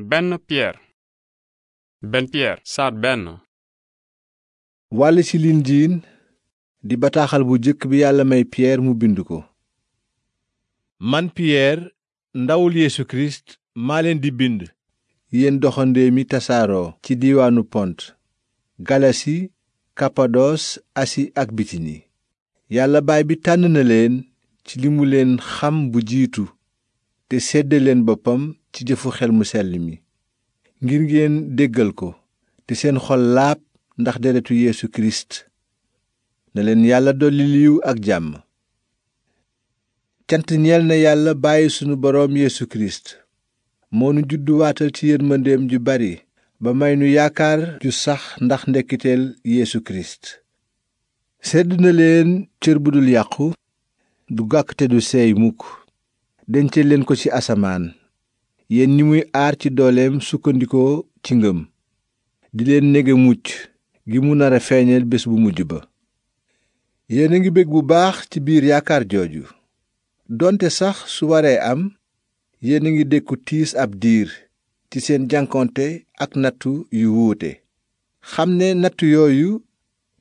benn Pierre benn Pierre saar wàll ci lindiin di bataaxal bu jëkk bi yàlla may Pierre mu bind ko man Pierre ndawul Yeesu Kirist maa leen di bind yéen doxandee mi tasaaroo ci diiwaanu Pont Galasi Kapados Asi ak Bitini yàlla baay bi tànn na leen ci li mu leen xam bu jiitu te sedde leen boppam ci jëfu xel mu sell mi ngir ngeen déggal ko te seen xol laab ndax deretu Yeesu Kirist na leen yàlla dolli liw ak jàmm cant ñeel na yàlla bàyyi sunu boroom Yeesu Kirist moo nu judduwaatal ci yërmandeem ju bari ba may nu yaakaar ju sax ndax ndekkiteel Yeesu Kirist sedd na leen cër bu dul yàqu du gàkk te du seey mukk dence leen ko ci asamaan yéen ñi muy aar ci dooleem sukkandikoo ci ngëm di leen nege mucc gi mu nar a feeñeel bés bu mujj ba yéen a ngi bég bu baax ci biir yaakaar jooju doonte sax su waree am yéen a ngi dékku tiis ab diir ci seen jànkonte ak nattu yu wuute xam ne nattu yooyu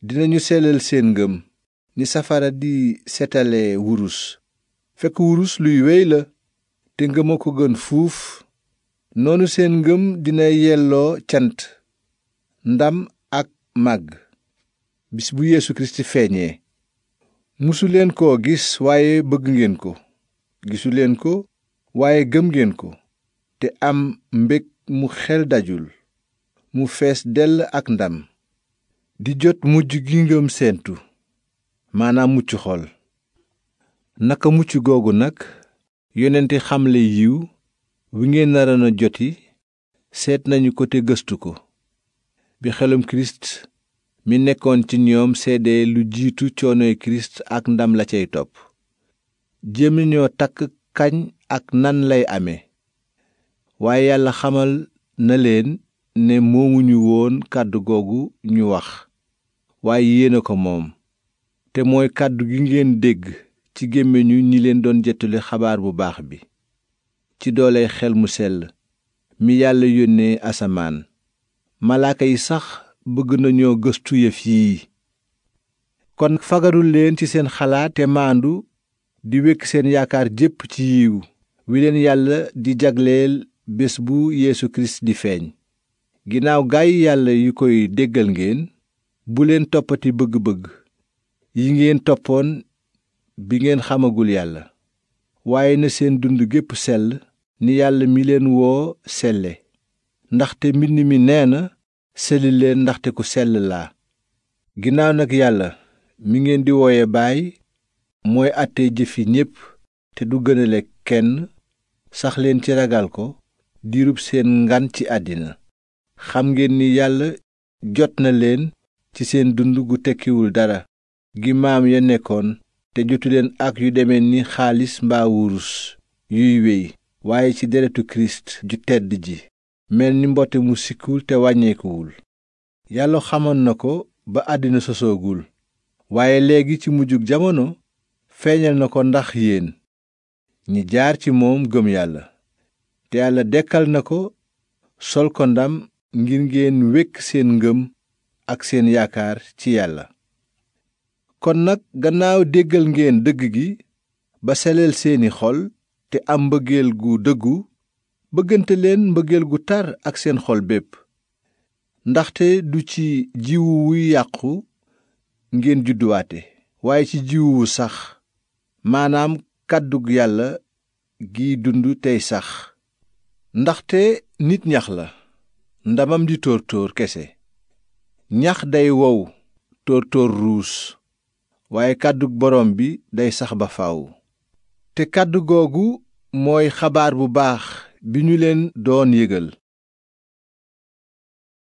dinañu selal seen ngëm ni safara di setale wurus fekk wurus luy wéy la te ngëma ko gën fuuf noonu seen ngëm dina yelloo cant ndam ak màgg bis bu Yeesu Kirist feeñee musuleen koo gis waaye bëgg ngeen ko gisuleen ko waaye gëm ngeen ko te am mbég mu xel dajul mu fees dell ak ndam di jot mujj gi ngëm seentu maanaam mucc xol naka mucc googu nag yonenti xamle yiw wi ngeen narana joti seet nañu ko te gëstu ko bi xelum kirist mi nekkoon ci ñoom seede lu jiitu coonoy kirist ak ndam la cay topp jéem nañoo takk kañ ak nan lay ame waaye yàlla xamal na leen ne moomuñu woon kàddu googu ñu wax waaye yéena ko moom te mooy kàddu gi ngeen dégg ci gémmiñu ñi leen doon jettali xabaar bu baax bi ci doole xel mu sell mi yàlla yónnee asamaan malaaka yi sax bëgg nañoo gëstu yëf yii kon fagarul leen ci seen xalaat te maandu di wékk seen yaakaar jépp ci yiw wi leen yàlla di jagleel bés bu yéesu Kirist di feeñ ginnaaw gaay yàlla yu koy déggal ngeen bu leen toppati bëgg-bëgg yi ngeen toppoon bi ngeen xamagul yàlla waaye na seen dund gépp sell ni yàlla mi leen woo selle ndaxte mbind mi nee na selli ndaxte ku sell laa ginnaaw nag yàlla mi ngeen di wooye baay mooy àttee jëfi ñépp te du gënale kenn saxleen ci ragal ko diirub seen ngan ci àddina xam ngeen ni yàlla jot na leen ci seen dund gu tekkiwul dara gi maam ya nekkoon te jotu leen ak yu deme ni xaalis mbaa wurus yuy wey waaye ci deretu kirist ju tedd ji mel ni mbote mu sikkul te wàññeekuwul yàlla xamoon na ko ba àddina sosoogul waaye léegi ci mujjug jamono feeñal na ko ndax yéen ñi jaar ci moom gëm yàlla te yàlla dekkal na ko sol ko ndam ngir ngeen wékk seen ngëm ak seen yaakaar ci yàlla kon nag gannaaw déggal ngeen dëgg gi ba seleel seeni xol te am mbëggeel gu dëggu bëggante leen mbëggeel gu tar ak seen xol bépp ndaxte du ci jiwu wuy yàqu ngeen judduwaate waaye ci jiwu wu sax maanaam kàddug yàlla giy dund tey sax ndaxte nit ñax la ndamam di tóor tóor kese ñax day wow tóor tóor ruus waaye kàddu borom bi day sax ba faw te kàddu googu mooy xabaar bu baax bi ñu leen doon yégal